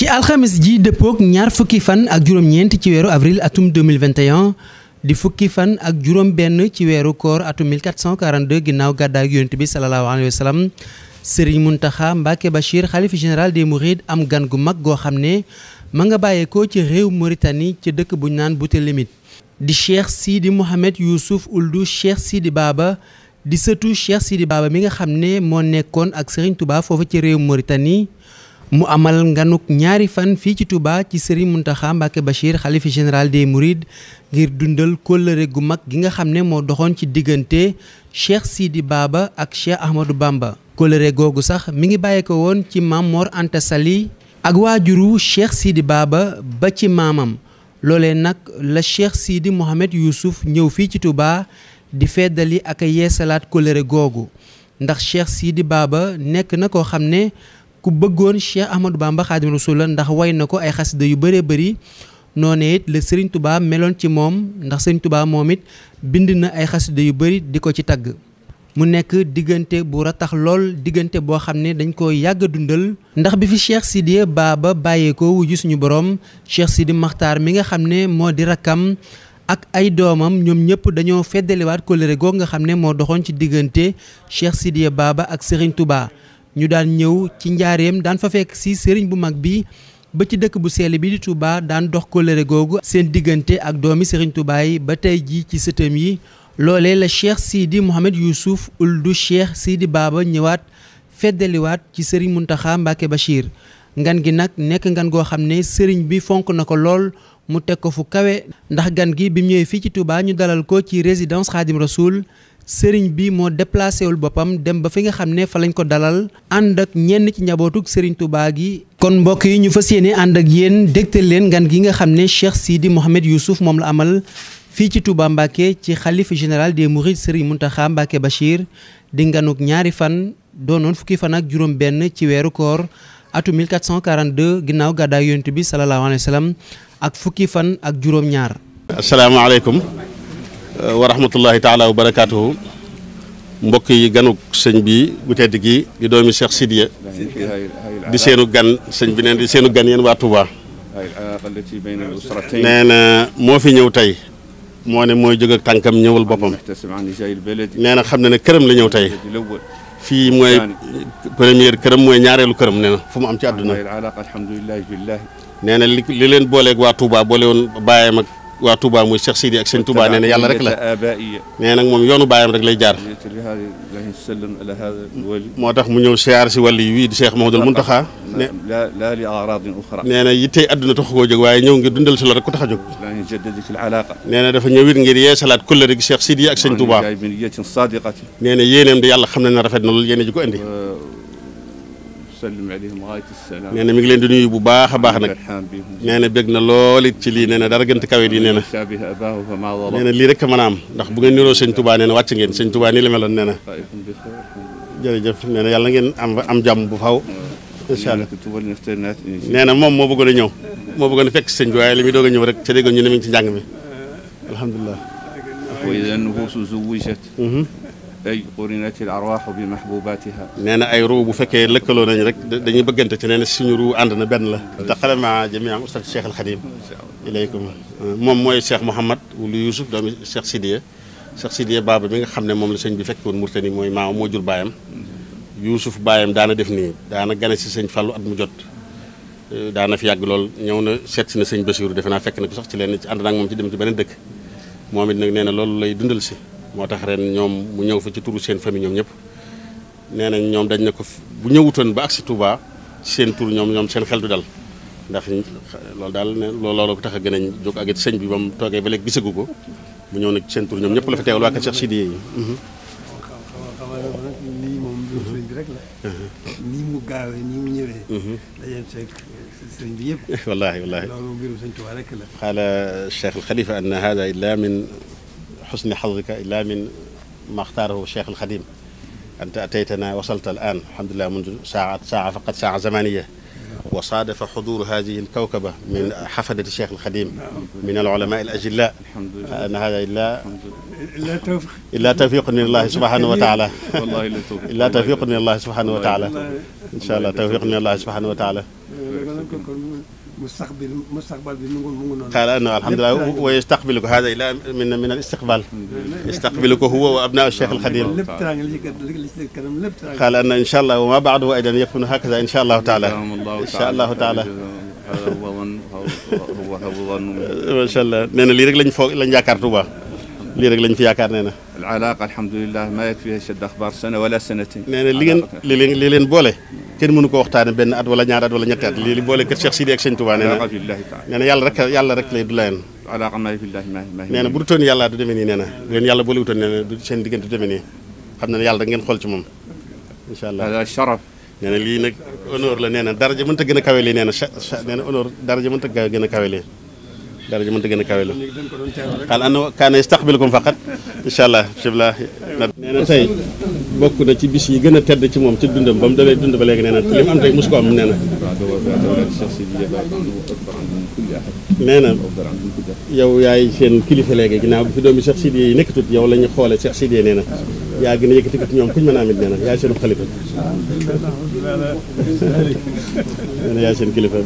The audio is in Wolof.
ci alxames ji dëppook ñaar fukki fan ak juróom-ñeent ci weeru avril atum 2021 di fukki fan ak juróom benn ci weeru koor atum 1442 ginnaaw gàddaay yonent bi salallaahu alayhi wa sallam Serigne Mountakha Mbacké Bachir xalif général des Mourides am gan gu mag goo xam ne ma nga bàyyeekoo ci réew Mauritanie ci dëkk bu ñu naan Boutélimite di Cheikh Sidi Mouhamed Youssouf Ould Cheikh Sidi baaba di sëtu Cheikh Sidi Baba mi nga xam ne moo nekkoon ak Serigne Touba foofu ci réew Mauritanie mu amal nganuk ñaari fan fii ci Touba ci Serigne Mountakha Mbacké Bachir xalifa général des Mourides ngir dundal kóllëre gu mag gi nga xam ne moo doxoon ci diggante Cheikh Sidi baaba ak Cheikh Ahmadou Bamba kóllëre googu sax mu ngi bàyyee ko woon ci maam Mor Anta Sali ak waajuru Cheikh Sidi Baba ba ci maamam loolee nag la Cheikh Sidi Mohamed Youssouf ñëw fii ci tubaa di feddali ak yeesalaat kóllëre googu ndax Cheikh Sidi baaba nekk na koo xam ne ku bëggoon Cheikh Ahmadou Bamba Xaadimu Rasuul la ndax way na ko ay xasida yu bëree bëri noonee it la Serigne Touba meloon ci moom ndax Serigne tubaa moom it bind na ay xasida yu bëri di ko ci tagg. mu nekk diggante bu ratax lool diggante boo xam ne dañ ko yàgga dundal ndax bi fi Cheikh Sidiye Baba bàyyeekoo wujj suñu borom Cheikh Sidi Maxtaar mi nga xam ne moo di rakkam ak ay doomam ñoom ñëpp dañoo feddaliwaat kóllëre googu nga xam ne moo doxoon ci diggante Cheikh Sidiye Baba ak Serigne Touba. ñu daan ñëw ci njaareem daan fa fekk si sëriñ bu mag bi ba ci dëkk bu sell bi di Touba daan dox kóllëre googu seen diggante ak doomi sëriñ Touba ba tey ji ci sëtëm yi loolee la Cheikh Sidi Mouhamed Youssouf uldu Cheikh Sidi Baba ñëwaat feddaliwaat ci sëriñ Mountakha Mbacké Bachir ngan gi nag nekk ngan goo xam ne sëriñ bi fonk na ko lool mu teg ko fu kawe ndax gan gi bi mu ñëwee fii ci Touba ñu dalal ko ci résidence Khadim Rasoul sëriñ bi moo déplacé wul boppam dem ba fi nga xam ne fa lañ ko dalal ànd ak ñenn ci njabootug sëriñ Touba gi. kon mbokk yi ñu fa yéene ànd ak yéen dégtal leen ngan gi nga xam ne Cheikh Sidi Mouhamed Youssouf moom la amal fii ci Touba Mbacké ci xalifa général des Mourides sëriñ Mountakha Mbacké Bachir di nganuk ñaari fan doonoon fukki fan ak juróom-benn ci weeru koor atu 1442 ginnaaw gàddaay yont bi salallaahu alayhi wa ak fukki fan ak juróom-ñaar. Euh, wa rahmatullahi taala wa barakaatuhu mbokk yi ganuk sëñ bi bu tedd gi di doomi Cheikh Sidiya di seenu gan sëñ bi neen di seenu gan yéen waa Touba nee na moo fi ñëw tey moo ne mooy jóg ak tànkam ñëwal boppam nee na xam na ne këram la ñëw tey fii mooy première këram mooy ñaareelu këram nee fu mu am ci àdduna nee na li li leen booleeg waa Touba boole woon bàyyam waa Touba muy Cheikh Sidi ak sëñ Touba nee na yàlla rek la nee moom yoonu baayam rek lay jaar moo tax mu ñëw siyaar si wàllu yi wii di Cheikh Mahmadul Muntaxa nee na yittey àdduna taxu koo jóg waaye ñëw ngir dundal si la rek ku tax a jóg nee na dafa ñëw it ngir yeesalaat kóllëre gi Cheikh Sidi ak sëñ Touba nee na yéeneem di yàlla xam na rafet na loolu yéene ji ko indi nee na mi ngi leen di bu baax a baax nag nee na bég na lool it ci lii nee na dara gënt kawet yi nee na nee na lii rek mën a am ndax bu ngeen niroo sëñ Touba nee na wàcc ngeen sëñ Touba nii la meloon nee na jërëjëf nee na yàlla ngeen am am jàmm bu faw incha na moom moo bëggoon a ñëw moo bëggoon a fekk sëñ bi waaye li muy doog a ñëw rek ca déggoon ñu ne mi ngi ci njàng mi alhamdulilah ay qurinati al arwaaxu bi mahbubatiha nee na ay ruu bu fekkee lëkkaloo nañu rek dañuy bëggante ci nee na suñu ruu ànd na benn la daqale ma jamia ustad cheikh al xadim ilaykum moom mooy cheikh mouhamad wulu yousuf doomi cheikh sidiya cheikh sidiya baaba mi nga xam ne moom la sëñ bi fekk woon murtani mooy maam moo jur baayam yuusuf baayam daana def nii daana gane si sëñ fàllu at mu jot euh, daana fi yàgg lool ñëw na seet si na sëñ basiru defe naa fekk na ko sax ci leen ci ànd naag moom ci dem ci beneen dëkk moom it nag nee na loolu lay dundal si moo tax ren ñoom mu ñëw fa ci turu seen famille ñoom ñëpp nee nañ ñoom dañ ne ko bu ñëwutoon ba agsi Touba seen tur ñoom ñoom seen xel du dal ndax loolu daal ne looloo ko tax a gën a jóg ak sëñ bi ba mu toogee ba léegi gisagu ko mu ñëw nag seen tur ñoom ñëpp la fa teewal waa Kër Cheikh mhm. mhm. bi yëpp. wallaahi wallaahi loolu mbirum sëñ Touba rek la. xaala Cheikh al xusni xadika illaa min maxtaarahu cheikh alxadim anta ataytana wasalta al an alhamdulilah mundu saat saa faqat saa zamaniya wa saadafa xuduuru hadihi alkawkaba min xafadati cheikh alxadim min alulama al ajilla an hada illa illa tawfiqun min allahi subhanahu wa taala illa tawfiqun min allahi subhanahu wa taala incha allah tawfiqun min allahi subhanahu wa taala mustaqbil mustaqbal bi mu ngi mu ngi noonu qaala anna alhamdulilah wa yastaqbilu ko hada ila min min al istiqbal yastaqbilu ko huwa wa abnaa cheikh al xadim qaala anna insha allah wa ma baadahu aydan yakunu hakaza insha allahu taala insha allahu taala macha allah nee na lii rek lañ foog lañ yaakaar Tuuba lii rek lañ fi yaakaar nee na alalaqa alhamdulilah ma yakfiha shadd axbar sana wala sanatin nee na li ngeen li leen li leen boole kenn mënu ko waxtaan benn at wala ñaar at wala ñetti at lii li boole kër Cheikh Sidi ak Sëñ Touba nee na nee na yàlla rek yàlla lay du layen nee bu du toon yàlla du demee nii nee leen yàlla boole wutoon nee seen diggante du demee nii xam na yàlla rek ngeen xool ci moom incha allah sharaf lii nag honneur la nee na daraja mënta gën a kawe lii nee na nee na honneur daraja mënta gën a kawe lii dara ji mënta gën a kawe la xaal ana kaana yastaqbilukum faqat incha allah bisimilah nee na tey bokk na ci bis yi gën a tedd ci moom ci dundam ba mu dalee dund ba léegi nee na li mu am tey mosu ko am nee na nee yow yaay seen kilifa léegi ginnaaw bi fi doomi Cheikh Sidiye yi nekkatut yow la ñu xoole Cheikh Sidiye nee na yaa gën a yëkkati ko ci ñoom kuñ mën a amit nee na yaay seen xalifa